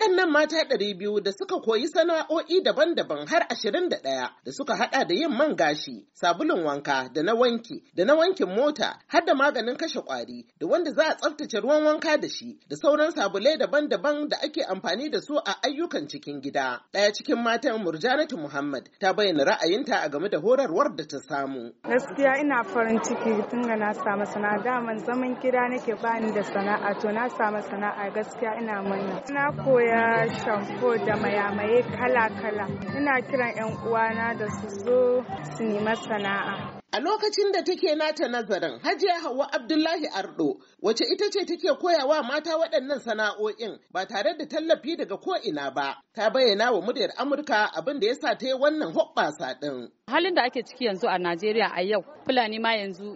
Waɗannan mata ɗari biyu da suka koyi sana'o'i daban-daban har ashirin da ɗaya da suka haɗa da yin man gashi, sabulun wanka da na wanki, da na wankin mota, har da maganin kashe ƙwari, da wanda za a tsaftace ruwan wanka da shi, da sauran sabulai daban-daban da ake amfani da su a ayyukan cikin gida. Ɗaya cikin matan Murjanatu Muhammad ta bayyana ra'ayinta a game da horarwar da ta samu. Gaskiya ina farin ciki tun ga na samu sana'a daman zaman gida nake bani da sana'a to na samu sana'a gaskiya ina murna. Na koya saya shampo da mayamaye kala-kala. Ina kiran 'yan uwana da su zo su nema sana'a. A lokacin da take nata nazarin, Hajiya Hauwa Abdullahi Ardo, wace ita ce take koyawa mata waɗannan sana'o'in ba tare da tallafi daga ko'ina ba, ta bayyana wa muryar Amurka abin da ya sa ta yi wannan hoɓɓasa ɗin. halin da ake ciki yanzu a najeriya a yau fulani ma yanzu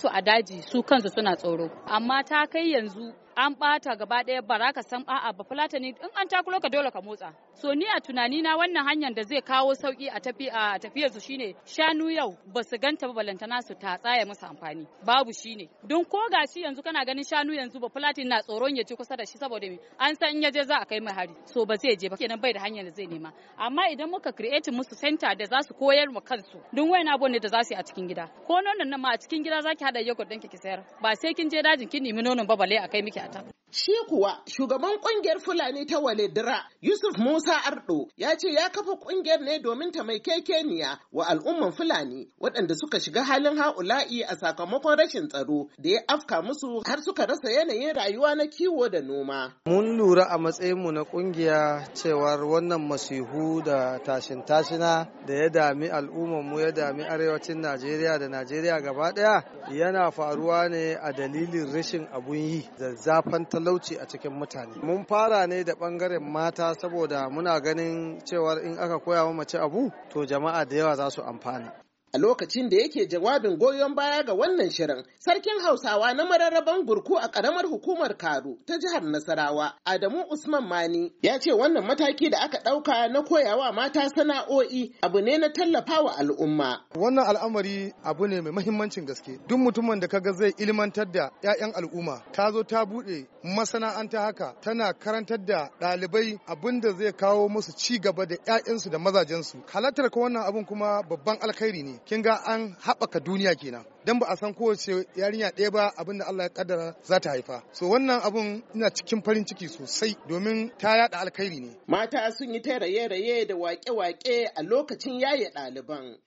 su a daji su kansu suna tsoro amma ta kai yanzu an bata gaba ɗaya bara ka san a'a ba fulatani in an takulo ka dole ka motsa so ni a tunani na wannan hanyar da zai kawo sauki a tafi a tafiyar su shine shanu yau ba su ganta ba balantana su ta tsaya musu amfani babu shine don ko gashi yanzu kana ganin shanu yanzu ba fulatani na tsoron ya ci kusa da shi saboda me an san in ya je za a kai mai hari so ba zai je ba kenan bai da hanyar da zai nema amma idan muka create musu center da za su koyar mu su duk wayan abubuwan ne da za su a cikin gida ko nonon nan ma a cikin gida zaki hada yogurt ɗinki ki sayar ba sai kin je dajin kin nemi nonon ba balle a kai miki a ta Shi kuwa shugaban kungiyar Fulani ta Waledira Yusuf Musa Ardo ya ce ya kafa kungiyar ne domin ta mai kekeniya wa al'umman Fulani waɗanda suka shiga halin ha'ula'i a sakamakon rashin tsaro da ya afka musu har suka rasa yanayin rayuwa na kiwo da noma. Mun lura a matsayinmu na kungiya cewar wannan masihu da tashin tashina da ya dami al'ummanmu ya dami arewacin Najeriya da Najeriya gaba ɗaya yana faruwa ne a dalilin rashin abun yi da zafan talauci a cikin mutane mun fara ne da bangaren mata saboda muna ganin cewar in aka koya wa mace abu to jama'a da yawa za su amfana A lokacin da yake jawabin goyon baya ga wannan shirin, sarkin Hausawa na mararraban gurku a ƙaramar hukumar Karu ta jihar Nasarawa, Adamu Usman Mani, ya ce wannan mataki da aka ɗauka na koyawa mata sana'o'i abu ne na tallafawa al'umma. Wannan al'amari abu ne mai mahimmancin gaske. Duk mutumin da kaga zai ilmantar da 'ya'yan al'umma, ta zo ta buɗe masana'anta haka, tana karantar da ɗalibai abin da zai kawo musu ci gaba da 'ya'yansu da mazajensu. Halartar ka wannan abun kuma babban alkhairi ne. kin ga an haɓaka duniya kenan dan ba a san kowace yarinya ɗaya ba abinda Allah ya kaddara za ta haifa so wannan abun ina cikin farin ciki sosai domin ta yada alkhairi ne mata sun yi ta raye-raye da waƙe-waƙe a lokacin yaye ɗaliban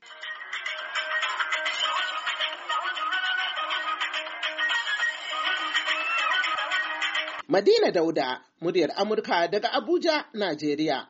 Madina Dauda, muryar Amurka daga Abuja, Najeriya.